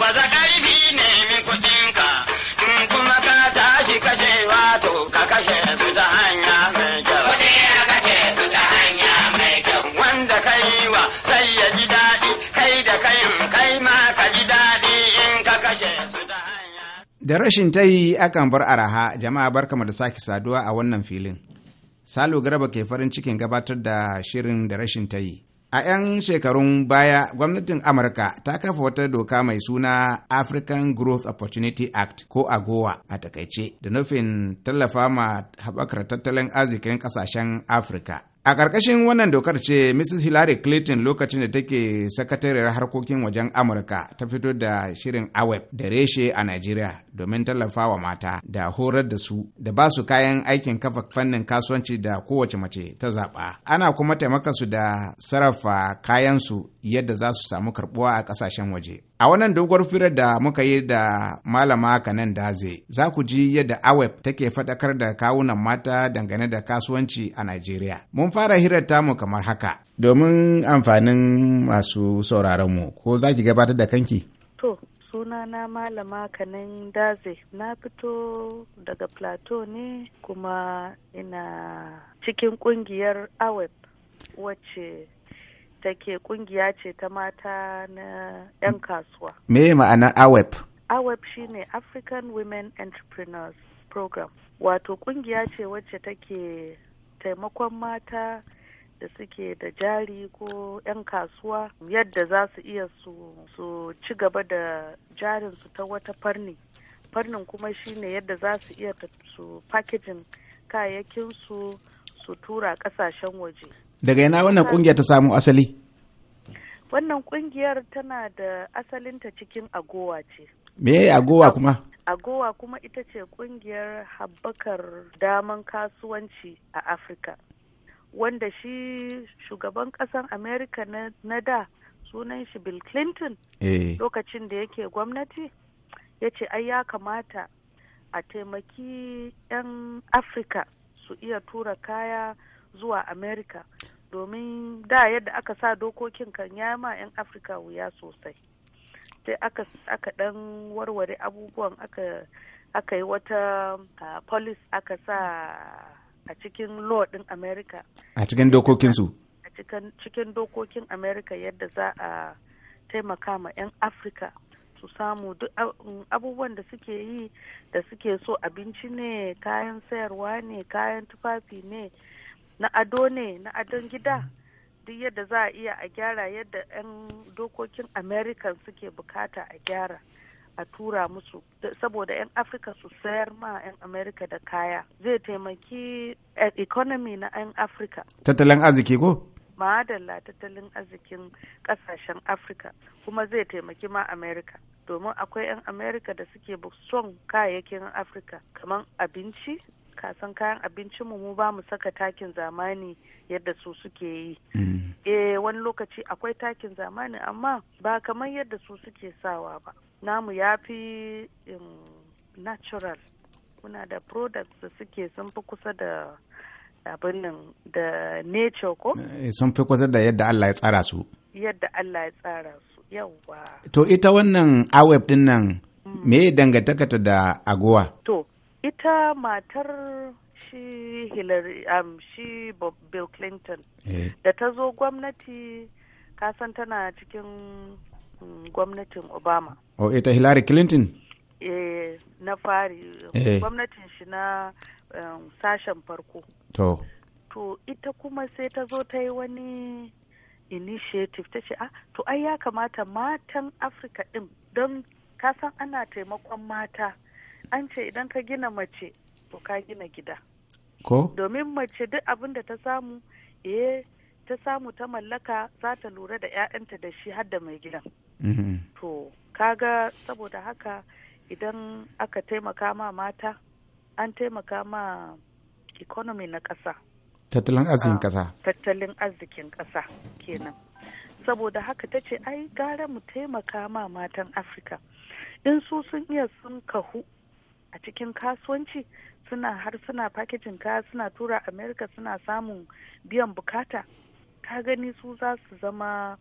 Baza ƙarfi ne min kuɗinka, in kuma ka tashi kashe wato ka kashe su ta hanya mai kyau. Kuɗi ya kashe su ta hanya mai kyau. Wanda ka yi wa sai ya ji daɗi, kai da kayin kai ma ka ji daɗi in ka kashe su ta hanya. Da rashin tayi akan bar araha jama'a barkama da sake saduwa a wannan filin. Salo Garba ke farin cikin gabatar da shirin da rashin tayi. A 'yan shekarun baya, gwamnatin Amurka ta kafa wata doka mai suna African Growth Opportunity Act ko AGOA a takaice da nufin tallafa ma haɓakar tattalin arzikin ƙasashen Afirka. a ƙarƙashin wannan dokar ce mrs hillary clinton lokacin da take sakatariyar harkokin wajen amurka ta fito da shirin aweb da reshe a najeriya domin tallafa wa mata da horar da su da ba su kayan aikin kafa fannin kasuwanci da kowace mace ta zaɓa ana kuma taimaka su da sarrafa kayansu yadda za su samu karɓuwa a ƙasashen waje a wannan doguwar firar da muka yi da malama kanan daze za ku ji yadda aweb take faɗakar da kawunan mata dangane da kasuwanci a najeriya mun mun fara hirar tamu kamar haka domin amfanin masu sauraronmu ko za ki gabatar da kanki? To, sunana malama kanin daze na fito daga plateau ne kuma ina cikin kungiyar aweb wacce take kungiya ce ta mata na 'yan kasuwa. Me ma'ana awep shi e shine African Women Entrepreneurs Program. Wato kungiya ce wacce take taimakon mata da suke da jari ko 'yan kasuwa yadda za su iya su ci gaba da jarinsu ta wata farni farnin kuma shine yadda za su iya su kayayyakin kayayyakinsu su tura kasashen waje daga yana wannan kungiyar ta samu asali wannan kungiyar tana da asalinta cikin agowa ce me agowa kuma agowa kuma ita ce kungiyar haɓakar daman kasuwanci a afirka wanda shi shugaban ƙasar amerika na, da sunan shi bill clinton eh. lokacin da yake gwamnati ya ce ai ya kamata a taimaki 'yan afirka su iya tura kaya zuwa amerika domin da yadda aka sa dokokin kan ma 'yan afirka wuya sosai aka aka dan warware abubuwan aka aka yi wata uh, police aka sa a cikin law din america a cikin dokokinsu a cikin dokokin america yadda za a taimaka ma 'yan afirka su samu duk abubuwan da suke yi da suke so abinci ne kayan sayarwa ne kayan tufafi ne na ado ne na adon gida duk yadda za a iya a gyara yadda 'yan dokokin american suke bukata a gyara a tura musu saboda 'yan afirka su sayar ma 'yan america da kaya zai taimaki eh, economy na 'yan afirka tattalin arziki ko ma'adalla tattalin arzikin kasashen afirka kuma zai taimaki ma amerika domin akwai 'yan amerika da suke son kayayyakin afirka kamar abinci san kayan abincin mu ba mu saka takin zamani yadda su suke yi mm. eh wani lokaci akwai takin zamani amma ba kamar yadda su suke sawa ba namu ya fi um, natural kuna da products da suke sun fi kusa da abin nan da nature ko eh, sun fi kusa da yadda Allah ya tsara su yadda Allah ya tsara su yawwa to ita wannan aweb din nan mm. me dangantakata da agowa to ita matar shi Hillary um, shi Bill Clinton yeah. da ta zo gwamnati kasan tana cikin mm, gwamnatin Obama. O oh, ita Hillary Clinton? e, na fari yeah. gwamnatin shi na um, sashen farko. To. To ita kuma sai ta zo ta yi wani initiative ta ce ah to ai ya kamata matan Afirka din don kasan ana taimakon mata. an ce idan ka gina mace to ka gina gida ko domin mace duk abin da ta samu eh ta samu ta mallaka za ta lura da 'ya'yanta da shi har da mai gidan mm-hmm. to kaga saboda haka idan aka taimaka ma mata an taimaka ma economy na ƙasa tattalin arzikin ah, ƙasa tattalin arzikin ƙasa kenan saboda haka ta ce ai gara mu taimaka ma matan afirka in su sun iya sun kahu a cikin kasuwanci suna har suna packaging ka suna tura america suna samun biyan bukata ka gani su za su zama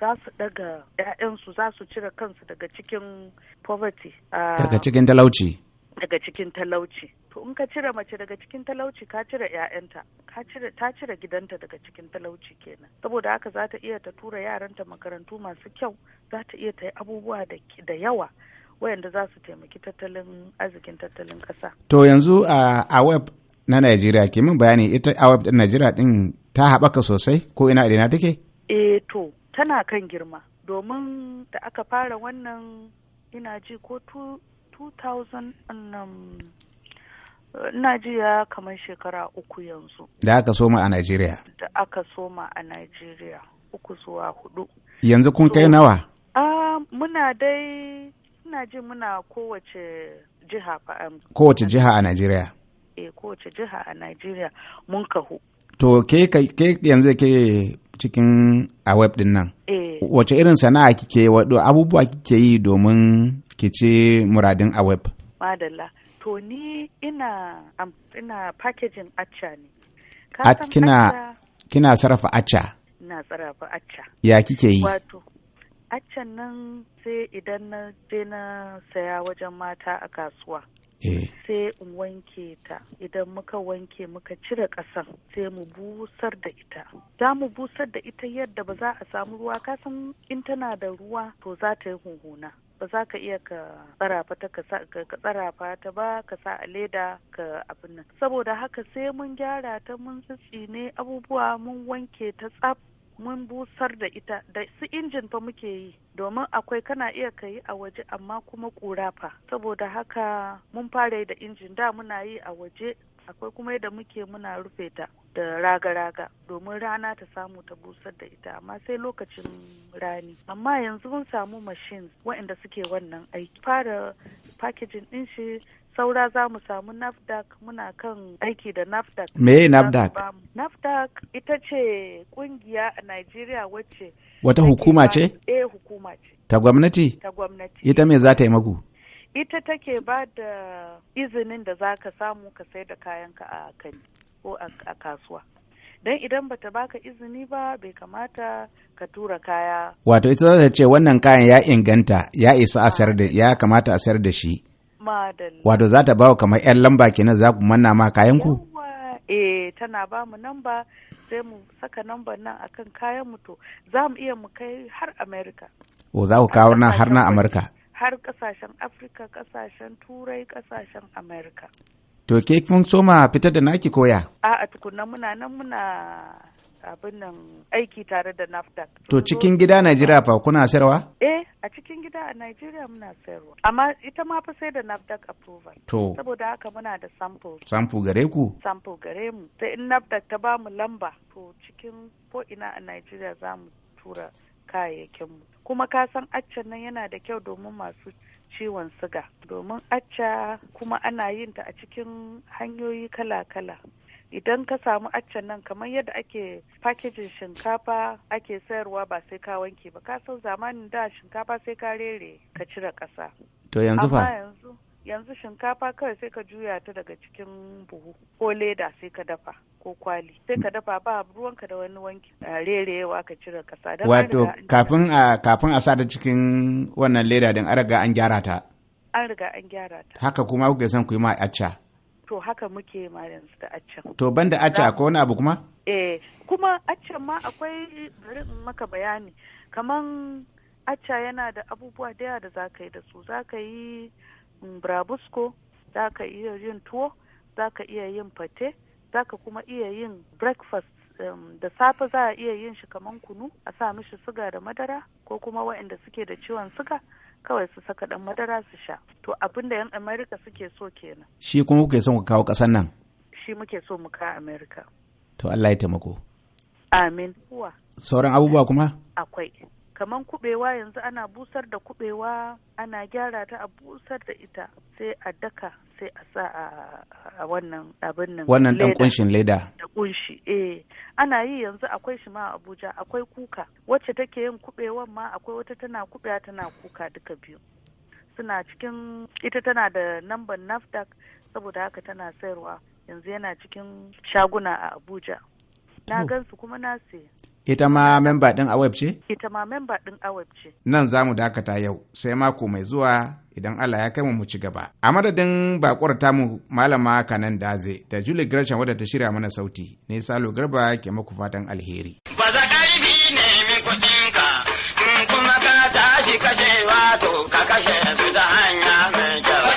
za su daga 'ya'yansu za su cire kansu daga cikin poverty daga cikin talauci daga cikin talauci to in ka cire mace daga cikin talauci ka cire 'ya'yanta ta cire gidanta daga cikin talauci kenan saboda haka za ta iya ta tura yaranta makarantu masu kyau za ta iya ta yi abubuwa da yawa wayanda za su taimaki tattalin arzikin tattalin ƙasa. To yanzu a uh, web na Najeriya ke min bayani ita a web din Najeriya din ta haɓaka sosai ko ina ina take? E, to tana kan girma domin da aka fara wannan ina ji ko 2000 um, ina ji ya kamar shekara uku yanzu. Da aka soma a Najeriya? Da aka soma a Najeriya uku zuwa hudu. Yanzu kun kai nawa? Ah, muna dai ina ji muna kowace jiha um, kowace jiha a Najeriya eh kowace jiha a Najeriya mun kahu to ke ke yanzu ke cikin a web din nan eh. wace irin sana'a kike wado abubuwa kike yi domin ke ce muradin a web madalla to ni ina ina packaging acha ne kina kina sarrafa acha ina sarrafa acha ya kike yi wato Accan nan sai idan na je na saya wajen mata a kasuwa. Eh. Sai in wanke ta idan muka wanke muka cire ƙasan sai mu busar da ita. Za mu busar da ita yadda ba za a samu ruwa kasan in tana da ruwa to za ta yi huhuna ba za ka iya ka tsarafa ta ka tsarafa ta ba ka sa a leda ka abin nan saboda haka sai mun gyara ta mun tsitsi ne abubuwa mun wanke ta tsaf mun busar da ita da su injin fa muke yi domin akwai kana iya ka a waje amma kuma ƙura fa saboda haka mun fara da injin da muna yi a waje akwai kuma yadda muke muna rufe ta da raga-raga domin rana ta samu ta busar da ita amma sai lokacin rani amma yanzu mun samu machines waɗanda suke wannan aiki fara packaging din shi saura za mu samu nafdac muna kan aiki da nafdac me nafdac nafdac ita ce kungiya a nigeria wacce wata hukuma ce eh hukuma ce ta gwamnati ta gwamnati ita me za ta yi maku ita take ba da izinin da za ka samu ka sai da kayanka a kan ko a kasuwa don idan bata baka izini ba bai kamata ka tura kaya wato ita za ta ce wannan kayan ya inganta ya isa a sayar da ya kamata a sayar da shi Wato za ta bawa kamar 'yan lamba kenan za ku manna ma kayan ku? Eh tana ba mu namba sai mu saka namba nan akan kayan mu to za mu iya mu kai har Amerika. O za ku kawo nan har na Amerika? Har kasashen Afirka, kasashen Turai, kasashen Amerika. To ke kun soma fitar da naki koya? A'a tukunna muna nan muna abin nan aiki tare da NAFDAC. To cikin gida Najeriya fa kuna sayarwa? Eh, a cikin gida a Najeriya muna sayarwa. Amma ita ma fa sai da NAFDAC approval. To. Saboda haka muna da sample. Sample gare ku? Sample gare mu. Sai in NAFDAC ta ba mu lamba to cikin ko ina a Najeriya za mu tura kayayyakin mu. Kuma ka san accen nan yana da kyau domin masu ciwon siga. Domin acca kuma ana yin ta a cikin hanyoyi kala-kala. idan ka samu accan nan kamar yadda ake fakejin shinkafa ake sayarwa ba sai ka wanke ba ka san zamanin da shinkafa sai ka rere ka cire ƙasa to yanzu fa yanzu yanzu shinkafa kawai sai ka juya ta daga cikin buhu ko leda sai ka dafa ko kwali sai ka dafa ba ruwanka da wani wanki rerewa ka cire ƙasa wato kafin a kafin a sa ta cikin wannan leda din an riga an gyara ta an riga an gyara ta haka kuma kuke son ku yi ma acca to haka muke ma yanzu da acca. to banda acca ko wani abu kuma eh kuma accan ma akwai bari in maka bayani kaman acca yana da abubuwa da yawa da za ka yi da su za ka yi mm, brabusko za ka iya yin tuwo za ka iya yin fate za ka kuma iya yin breakfast um, da safe za a iya yin shi kaman kunu a sa mishi suga da madara ko kuma waɗanda suke da ciwon suga kawai su saka dan madara su sha to abin da yan america suke so kenan shi kuma kuke son ku kawo kasan nan shi muke so mu kawo Amerika. to Allah ya taimako amin sauran abubuwa kuma akwai kaman kubewa yanzu ana busar da kubewa ana gyara ta a busar da ita sai a daka sai a sa a wannan abin nan wannan dan kunshin leda da kunshi eh ana yi yanzu akwai shi ma a Abuja akwai kuka wacce take yin kubewan ma akwai wata tana kubewa tana kuka duka biyu suna cikin ita tana da number NAFDAC saboda haka tana sayarwa yanzu yana cikin shaguna a Abuja na oh. gansu kuma na sayi. Ita ma memba ɗin a ce? Ita ma memba ɗin a ce. Nan za mu dakata yau, sai mako mai zuwa idan Allah ya kai mu mu ci gaba. A madadin bakwar tamu malama kanan daze da Julie Gresham wadda ta shirya mana sauti, ne Salo Garba ke maku fatan alheri. Ba za ƙarfi ne min in kuma ka tashi kashe wato ka kashe su ta hanya mai kyau.